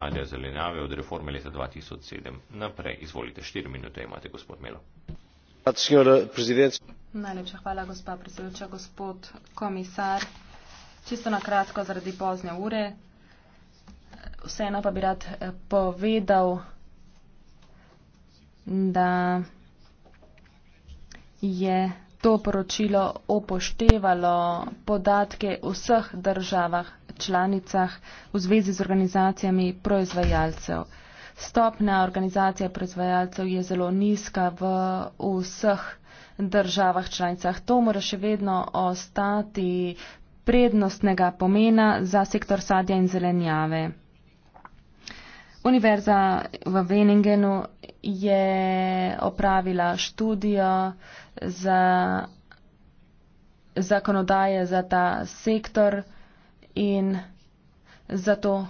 vlade zelenjave od reforme leta 2007 naprej. Izvolite, štiri minute imate, gospod Melo. Najlepša hvala, gospa predsedujoča, gospod komisar. Čisto na kratko zaradi pozne ure. Vseeno pa bi rad eh, povedal, da je to poročilo upoštevalo podatke v vseh državah članicah v zvezi z organizacijami proizvajalcev. Stopna organizacije proizvajalcev je zelo nizka v vseh državah članicah. To mora še vedno ostati prednostnega pomena za sektor sadja in zelenjave. Univerza v Veningenu je opravila študijo za zakonodaje za ta sektor in zato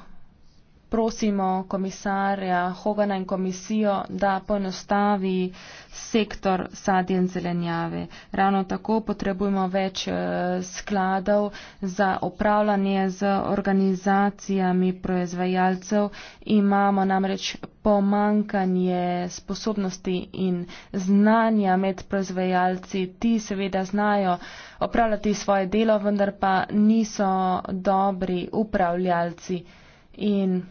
prosimo komisarja Hogana in komisijo, da poenostavi sektor sadje in zelenjave. Ravno tako potrebujemo več eh, skladov za upravljanje z organizacijami proizvajalcev. Imamo namreč pomankanje sposobnosti in znanja med proizvajalci. Ti seveda znajo upravljati svoje delo, vendar pa niso dobri upravljalci. In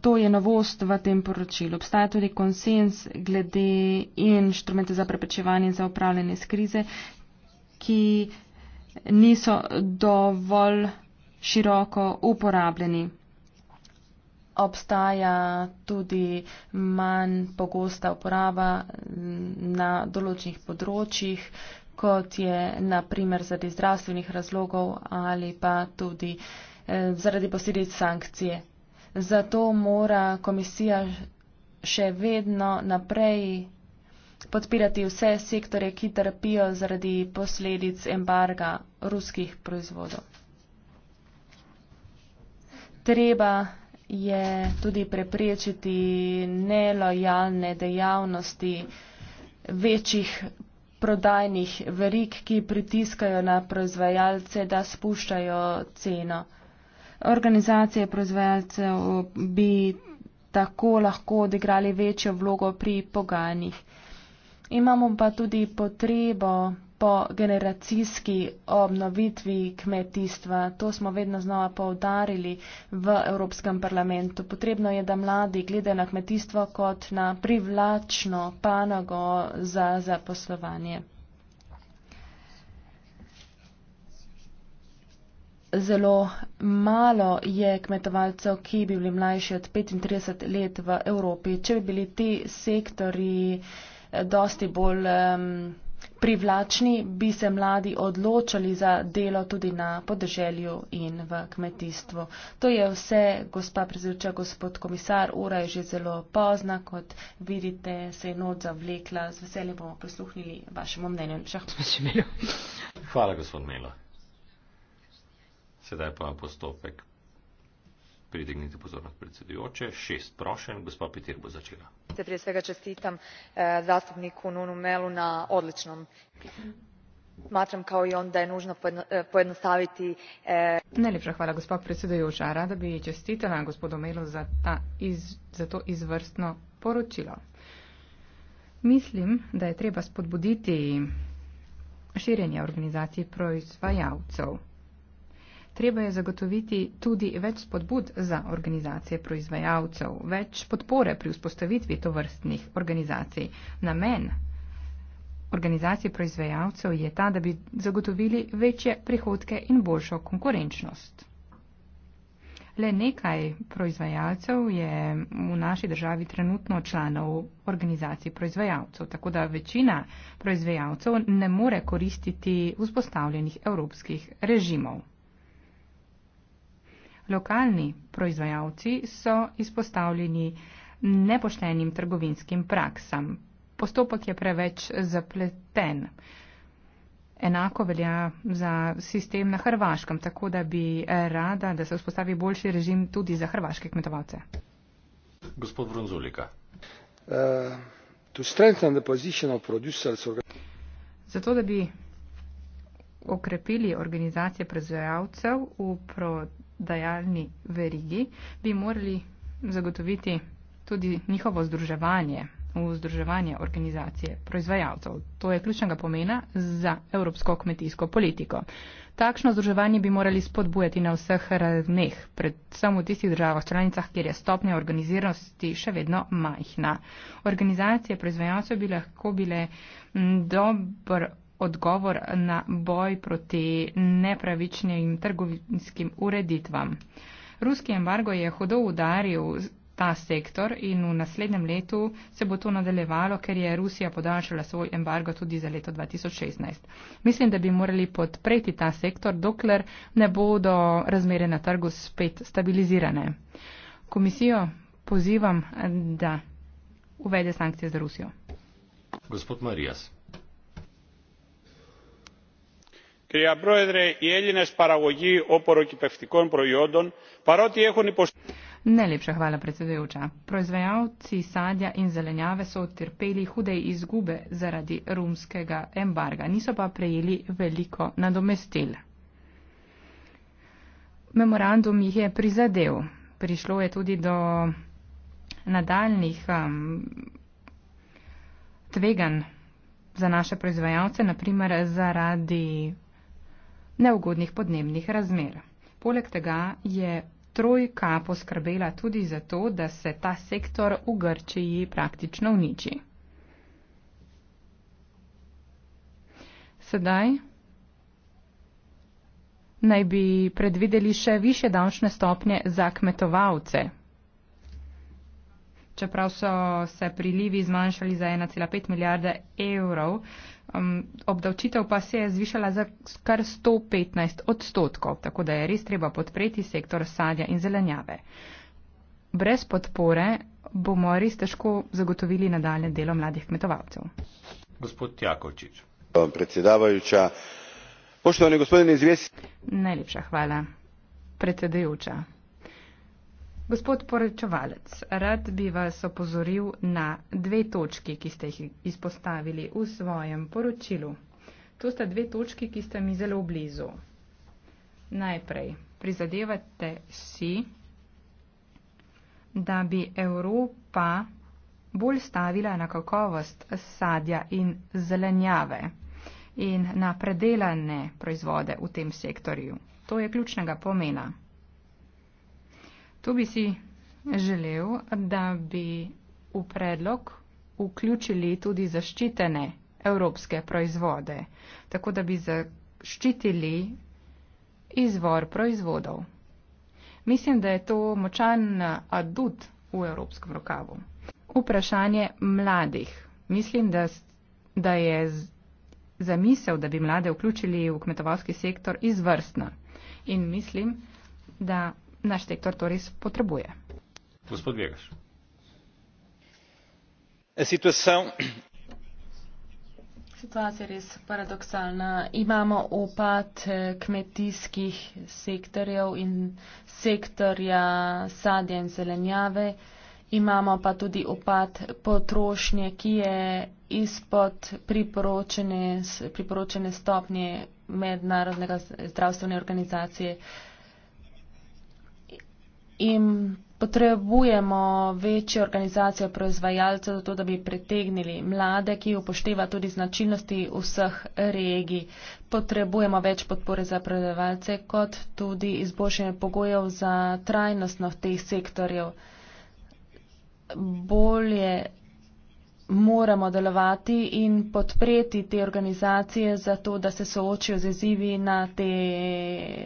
To je novost v tem poročilu. Obstaja tudi konsens glede inštrumente za preprečevanje in za upravljanje z krize, ki niso dovolj široko uporabljeni. Obstaja tudi manj pogosta uporaba na določenih področjih, kot je naprimer zaradi zdravstvenih razlogov ali pa tudi eh, zaradi posledic sankcije. Zato mora komisija še vedno naprej podpirati vse sektore, ki trpijo zaradi posledic embarga ruskih proizvodov. Treba je tudi preprečiti nelojalne dejavnosti večjih prodajnih verik, ki pritiskajo na proizvajalce, da spuščajo ceno organizacije proizvajalcev bi tako lahko odigrali večjo vlogo pri pogajanjih. Imamo pa tudi potrebo po generacijski obnovitvi kmetijstva. To smo vedno znova povdarili v Evropskem parlamentu. Potrebno je, da mladi gledajo na kmetijstvo kot na privlačno panogo za zaposlovanje. zelo malo je kmetovalcev, ki bi bili mlajši od 35 let v Evropi. Če bi bili ti sektori eh, dosti bolj um, privlačni, bi se mladi odločali za delo tudi na podeželju in v kmetijstvu. To je vse, gospa prezivča, gospod komisar. Ura je že zelo pozna, kot vidite, se je noč zavlekla. Z veseljem bomo prisluhnili vašemu mnenju. Hvala, gospod Melo. Sedaj pa postopek. Pridignite pozornost predsedujoče. Šest prošen, gospod Petir bo začela. Se prije svega čestitam eh, zastupniku Nunu Melu na odličnom. Smatram kao i on da je nužno eh, pojednostaviti... Eh... Najljepša hvala gospod predsedujoča. Rada bi čestitala gospodu Melu za, ta iz, za to izvrstno poročilo. Mislim da je treba spodbuditi širjenje organizacije proizvajalcev. Hmm treba je zagotoviti tudi več spodbud za organizacije proizvajalcev, več podpore pri vzpostavitvi tovrstnih organizacij. Namen organizacije proizvajalcev je ta, da bi zagotovili večje prihodke in boljšo konkurenčnost. Le nekaj proizvajalcev je v naši državi trenutno članov organizacij proizvajalcev, tako da večina proizvajalcev ne more koristiti vzpostavljenih evropskih režimov. Lokalni proizvajalci so izpostavljeni nepoštenim trgovinskim praksam. Postopek je preveč zapleten. Enako velja za sistem na Hrvaškem, tako da bi rada, da se vzpostavi boljši režim tudi za hrvaške kmetovalce. Gospod Brunzulika. Uh, Zato, da bi okrepili organizacije proizvajalcev v proizvajalcev, dajalni verigi, bi morali zagotoviti tudi njihovo združevanje, združevanje organizacije proizvajalcev. To je ključnega pomena za evropsko kmetijsko politiko. Takšno združevanje bi morali spodbujati na vseh ravneh, predvsem v tistih državah članicah, kjer je stopnja organiziranosti še vedno majhna. Organizacije proizvajalcev bi lahko bile dober odgovor na boj proti nepravičnim trgovinskim ureditvam. Ruski embargo je hudo udaril ta sektor in v naslednjem letu se bo to nadaljevalo, ker je Rusija podaljšala svoj embargo tudi za leto 2016. Mislim, da bi morali podpreti ta sektor, dokler ne bodo razmere na trgu spet stabilizirane. Komisijo pozivam, da uvede sankcije za Rusijo. Gospod Marijas. κυρία πρόεδρε οι έλληνε παραγωγοί οπωροκυπευτικών προϊόντων παρότι έχουν υποστεί. Najlepša hvala, predsedujoča. Proizvajalci sadja in zelenjave so utrpeli hude izgube zaradi rumskega embarga, niso pa prejeli veliko nadomestil. Memorandum jih je prizadel. Prišlo je tudi do nadaljnih um, tveganj za naše proizvajalce, naprimer zaradi neugodnih podnebnih razmer. Poleg tega je trojka poskrbela tudi za to, da se ta sektor v Grčiji praktično uniči. Sedaj naj bi predvideli še više davčne stopnje za kmetovalce čeprav so se prilivi zmanjšali za 1,5 milijarde evrov, um, obdavčitev pa se je zvišala za kar 115 odstotkov, tako da je res treba podpreti sektor sadja in zelenjave. Brez podpore bomo res težko zagotovili nadaljne delo mladih kmetovalcev. Gospod Jakovčič. Predsedavajuča. Poštovani gospodine izvesi. Najlepša hvala. Predsedujoča. Gospod porečevalec, rad bi vas opozoril na dve točki, ki ste jih izpostavili v svojem poročilu. To sta dve točki, ki ste mi zelo blizu. Najprej, prizadevate si, da bi Evropa bolj stavila na kakovost sadja in zelenjave in na predelane proizvode v tem sektorju. To je ključnega pomena. Tu bi si želel, da bi v predlog vključili tudi zaščitene evropske proizvode, tako da bi zaščitili izvor proizvodov. Mislim, da je to močan adut v evropskem rokavu. Vprašanje mladih. Mislim, da, da je zamisel, da bi mlade vključili v kmetovalski sektor izvrstna. In mislim, da naš sektor to res potrebuje. Gospod Vegaš. Situacija je res paradoksalna. Imamo upad eh, kmetijskih sektorjev in sektorja sadja in zelenjave. Imamo pa tudi upad potrošnje, ki je izpod priporočene, priporočene stopnje mednarodnega zdravstvene organizacije in potrebujemo večjo organizacijo proizvajalcev, zato da bi pritegnili mlade, ki upošteva tudi značilnosti vseh regij. Potrebujemo več podpore za proizvajalce, kot tudi izboljšanje pogojev za trajnostnost teh sektorjev. Bolje moramo delovati in podpreti te organizacije za to, da se soočijo z izzivi na te,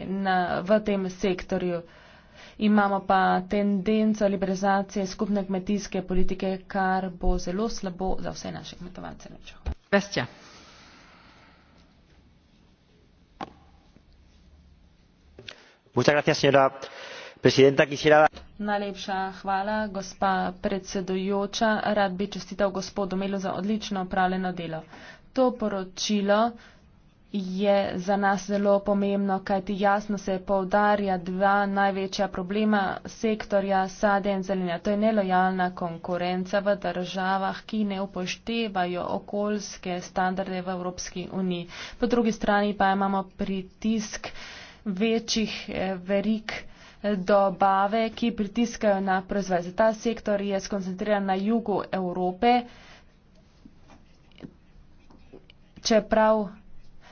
na, v tem sektorju imamo pa tendenco liberalizacije skupne kmetijske politike, kar bo zelo slabo za vse naše kmetovalce. Bestja. Najlepša hvala, gospa predsedujoča. Rad bi čestital gospodu Melu za odlično upravljeno delo. To poročilo je za nas zelo pomembno, kajti jasno se povdarja dva največja problema sektorja sade in zelenja. To je nelojalna konkurenca v državah, ki ne upoštevajo okoljske standarde v Evropski uniji. Po drugi strani pa imamo pritisk večjih eh, verik eh, dobave, ki pritiskajo na proizvajalce. Ta sektor je skoncentriran na jugu Evrope, čeprav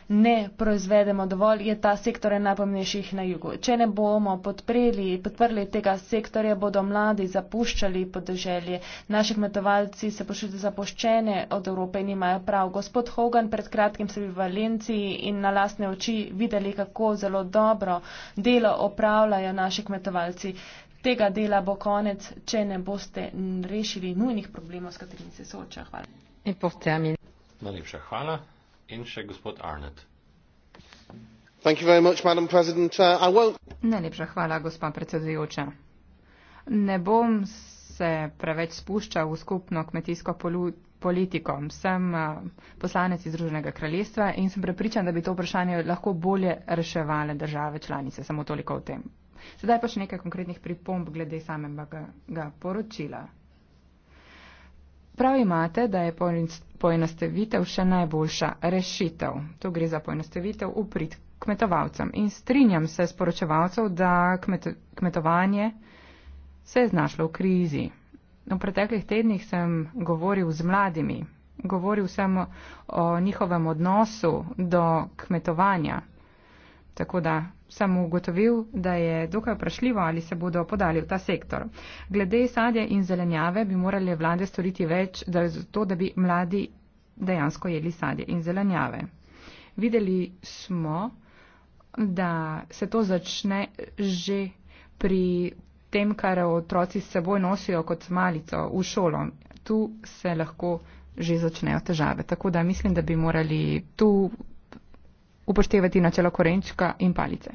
ne proizvedemo dovolj, je ta sektor najpomnejših na jugu. Če ne bomo podprili, podprli tega sektorja, bodo mladi zapuščali podeželje. Naši kmetovalci se počutijo zapuščene od Evrope in imajo prav. Gospod Hogan, pred kratkim sem bil v Valenciji in na lasne oči videli, kako zelo dobro delo opravljajo naši kmetovalci. Tega dela bo konec, če ne boste rešili nujnih problemov, s katerimi se sooča. Hvala. Najlepša hvala in še gospod Arnett. Thank you very much, Madam President. Uh, I won't... Najlepša hvala, gospa predsedujoča. Ne bom se preveč spuščal v skupno kmetijsko politiko. Sem uh, poslanec iz Združenega kraljestva in sem prepričan, da bi to vprašanje lahko bolje reševale države članice. Samo toliko o tem. Sedaj pa še nekaj konkretnih pripomb glede samega poročila. Prav imate, da je poenostavitev še najboljša rešitev. Tu gre za poenostavitev v prid kmetovalcem. In strinjam se s poročevalcev, da kmeto, kmetovanje se je znašlo v krizi. V preteklih tednih sem govoril z mladimi, govoril sem o njihovem odnosu do kmetovanja. Tako da sem ugotovil, da je dokaj vprašljivo, ali se bodo podali v ta sektor. Glede sadja in zelenjave bi morali vlade storiti več, da je zato, da bi mladi dejansko jedli sadje in zelenjave. Videli smo, da se to začne že pri tem, kar otroci s seboj nosijo kot malico v šolo. Tu se lahko že začnejo težave. Tako da mislim, da bi morali tu upoštevati načelo korenčka in palice.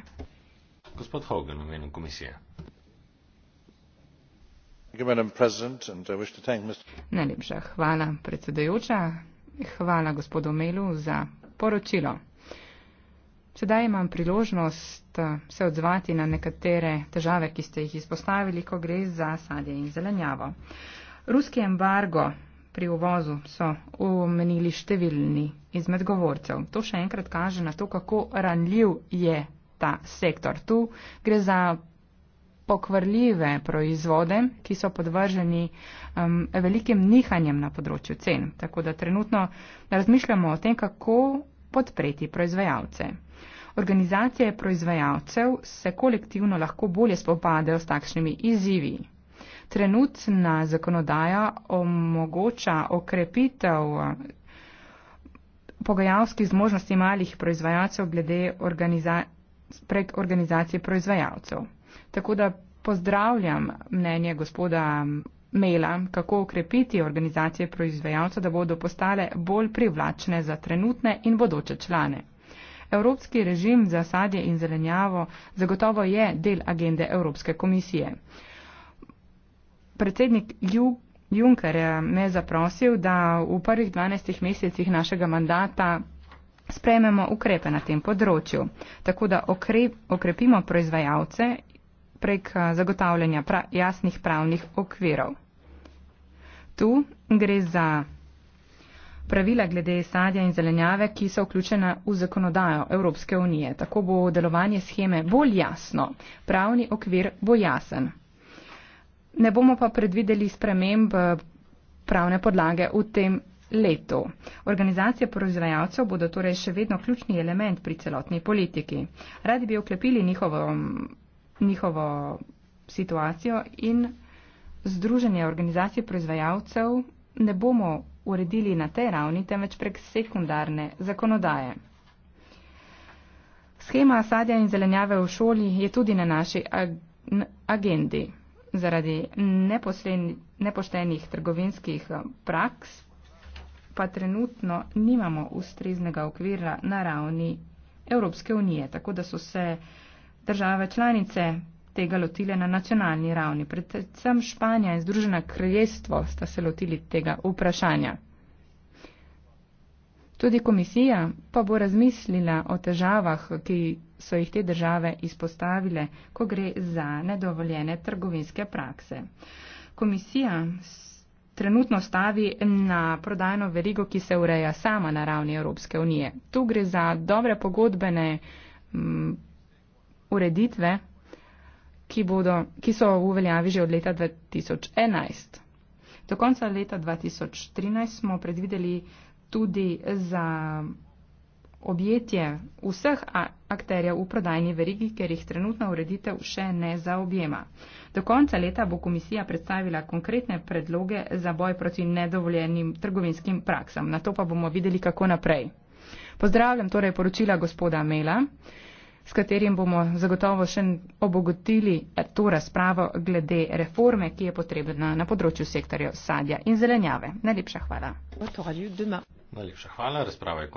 Gospod Hogan, v imenu komisije. Najlepša hvala, predsedajoča. Hvala gospodu Melu za poročilo. Sedaj imam priložnost eh, se odzvati na nekatere težave, ki ste jih izpostavili, ko gre za sadje in zelenjavo. Ruski embargo pri uvozu, so omenili številni izmed govorcev. To še enkrat kaže na to, kako ranljiv je ta sektor. Tu gre za pokvarljive proizvode, ki so podvrženi um, velikim nihanjem na področju cen. Tako da trenutno razmišljamo o tem, kako podpreti proizvajalce. Organizacije proizvajalcev se kolektivno lahko bolje spopadejo s takšnimi izzivi trenutna zakonodaja omogoča okrepitev eh, pogajalskih zmožnosti malih proizvajalcev glede organiza prek organizacije proizvajalcev. Tako da pozdravljam mnenje gospoda mm, Mela, kako okrepiti organizacije proizvajalcev, da bodo postale bolj privlačne za trenutne in bodoče člane. Evropski režim za sadje in zelenjavo zagotovo je del agende Evropske komisije predsednik Juncker me je zaprosil, da v prvih 12 mesecih našega mandata sprememo ukrepe na tem področju, tako da okrepimo proizvajalce prek zagotavljanja pra jasnih pravnih okvirov. Tu gre za pravila glede sadja in zelenjave, ki so vključena v zakonodajo Evropske unije. Tako bo delovanje scheme bolj jasno, pravni okvir bo jasen ne bomo pa predvideli sprememb eh, pravne podlage v tem. Leto. Organizacije proizvajalcev bodo torej še vedno ključni element pri celotni politiki. Radi bi oklepili njihovo, njihovo situacijo in združenje organizacij proizvajalcev ne bomo uredili na tej ravni, temveč prek sekundarne zakonodaje. Schema sadja in zelenjave v šoli je tudi na naši ag agendi zaradi nepoštenih trgovinskih eh, praks pa trenutno nimamo ustreznega okvira na ravni Evropske unije, tako da so se države članice tega lotile na nacionalni ravni. Predvsem Španija in Združena kraljestvo sta se lotili tega vprašanja. Tudi komisija pa bo razmislila o težavah, ki so jih te države izpostavile, ko gre za nedovoljene trgovinske prakse. Komisija trenutno stavi na prodajno verigo, ki se ureja sama na ravni Evropske unije. Tu gre za dobre pogodbene m, mm, ureditve, ki, bodo, ki so v uveljavi že od leta 2011. Do konca leta 2013 smo predvideli tudi za objetje vseh akterjev v prodajni verigi, ker jih trenutna ureditev še ne zaobjema. Do konca leta bo komisija predstavila konkretne predloge za boj proti nedovoljenim trgovinskim praksam. Na to pa bomo videli, kako naprej. Pozdravljam torej poročila gospoda Mela. Uh, s katerim bomo zagotovo še obogotili eh, to razpravo glede reforme, ki je potrebna na področju sektorja sadja in zelenjave. Najlepša hvala. Najlepša hvala, razprava je končana.